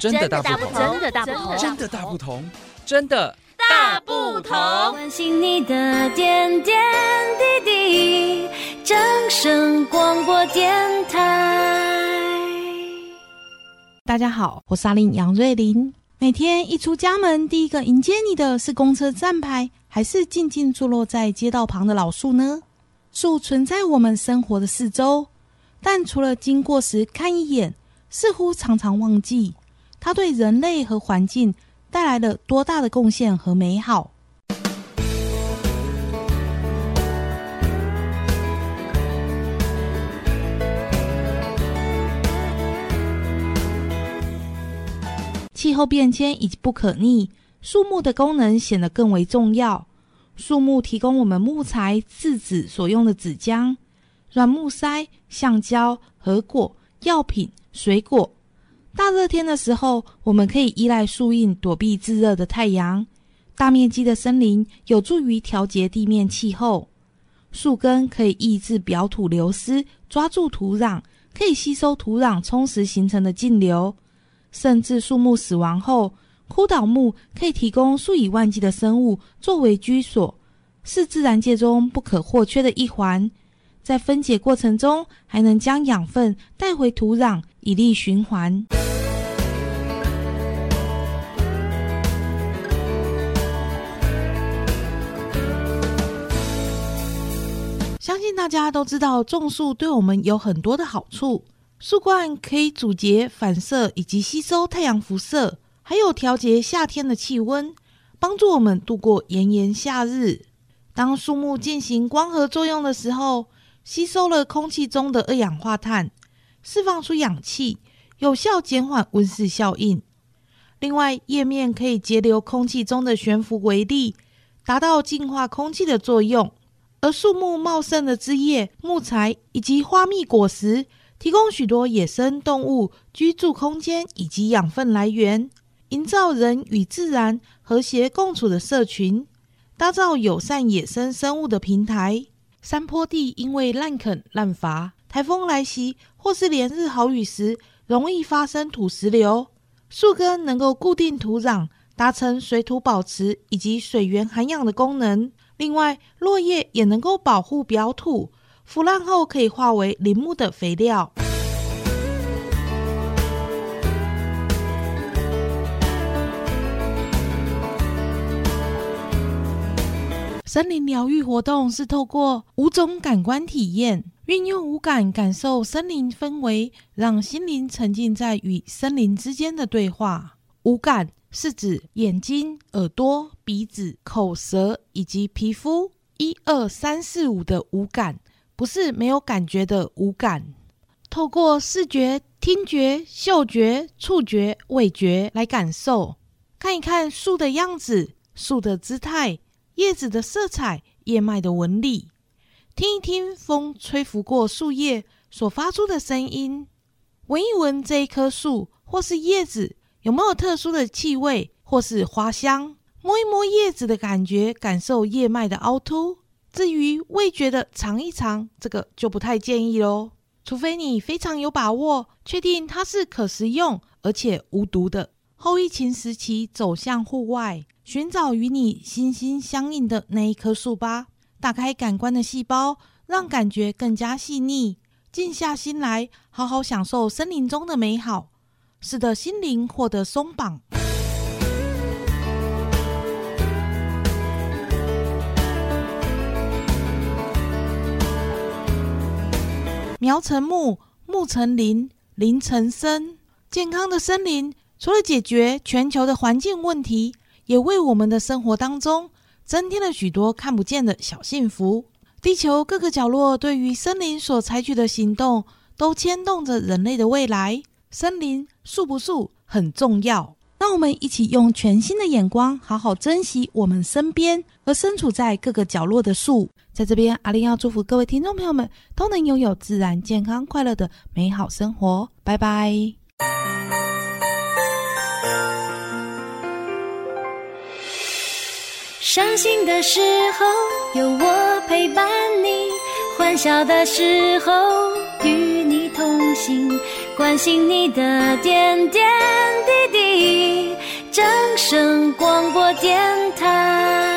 真的大不同，真的大不同，真的大不同，真的大不同。關心你的點點滴滴，掌聲廣播電台。大家好，我是阿令楊瑞麟。每天一出家門，第一個迎接你的是公車站牌，還是靜靜坐落在街道旁的老樹呢？樹存在我們生活的四周，但除了經過時看一眼，似乎常常忘記。它對人類和環境帶來了多大的貢獻和美好？氣候變遷已經不可逆，樹木的功能顯得更為重要。樹木提供我們木材、製紙所用的紙漿、軟木塞、橡膠、核果、藥品、水果。大熱天的時候，我們可以依賴樹蔭躲避炙熱的太陽。大面積的森林有助於調節地面氣候。樹根可以抑制表土流失，抓住土壤，可以吸收土壤，充實形成的徑流。甚至樹木死亡後，枯倒木可以提供數以萬計的生物作為居所，是自然界中不可或缺的一環。在分解過程中，還能將養分帶回土壤，以利循環。相信大家都知道，種樹對我們有很多的好處。樹冠可以阻截、反射以及吸收太陽輻射，還有調節夏天的氣溫，幫助我們度過炎炎夏日。當樹木進行光合作用的時候，吸收了空氣中的二氧化碳，釋放出氧氣，有效減緩溫室效應。另外，葉面可以截留空氣中的懸浮微粒，達到淨化空氣的作用。而樹木茂盛的枝葉、木材以及花蜜、果實，提供許多野生動物居住空間以及養分來源，營造人與自然和諧共處的社群，打造友善野生生物的平台。山坡地因為濫墾濫伐，颱風來襲或是連日豪雨時，容易發生土石流。樹根能夠固定土壤，達成水土保持以及水源涵養的功能。另外，落葉也能夠保護表土，腐爛後可以化為林木的肥料。森林療癒活動是透過五種感官體驗，運用五感感受森林氛圍，讓心靈沉浸在與森林之間的對話。五感。是指眼睛、耳朵、鼻子、口舌以及皮膚，一二三四五的五感，不是沒有感覺的無感。透過視覺、聽覺、嗅覺、觸覺、味覺來感受，看一看樹的樣子、樹的姿態、葉子的色彩、葉脈的紋理，聽一聽風吹拂過樹葉所發出的聲音，聞一聞這一棵樹或是葉子。有沒有特殊的氣味或是花香？摸一摸葉子的感覺，感受葉脈的凹凸。至於味覺的嚐一嚐，這個就不太建議嘍，除非你非常有把握，確定它是可食用而且無毒的。後疫情時期，走向戶外，尋找與你心心相印的那一棵樹吧。打開感官的細胞，讓感覺更加細膩。靜下心來，好好享受森林中的美好。使得心靈獲得鬆綁。苗成木，木成林，林成森。健康的森林，除了解決全球的環境問題，也為我們的生活當中增添了許多看不見的小幸福。地球各個角落對於森林所採取的行動，都牽動着人類的未來。森林，樹不樹，很重要，讓我們一起用全新的眼光，好好珍惜我們身邊和身處在各個角落的樹。在這邊，阿玲要祝福各位聽眾朋友們都能擁有自然、健康、快樂的美好生活。拜拜。傷心的時候有我陪伴你，歡笑的時候與你同行。關心你的點點滴滴，正聲廣播電台。